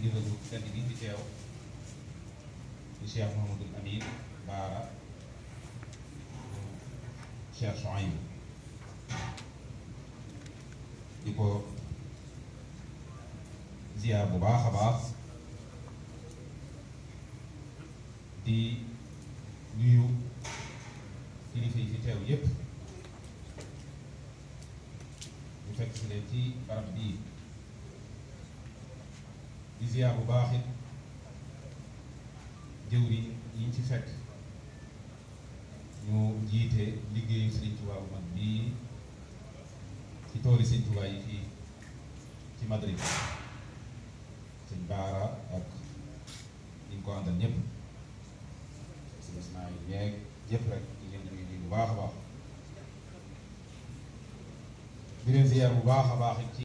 kilifa gu tedd gi fi teew di Cheikh Mouhamadul Amin Baara Cheikh Souaïb di ko ziar bu baax a baax di nuyu kilifa yi fi teew yépp ñu fekk si leen ci barab bii ziar bu baax it jëwriñ ci fekk ñu jiite liggéeyu Sëriñ Tuubaa bu mag bii ci tooli Sëriñ Tuubaa yi fii ci Madrid sëñ Baara ak ñi ngi ko àndal ñëpp sëñ Ismaïl ñeeg rek ñu ngi leen bu baax a baax di leen ziar bu baax baax ci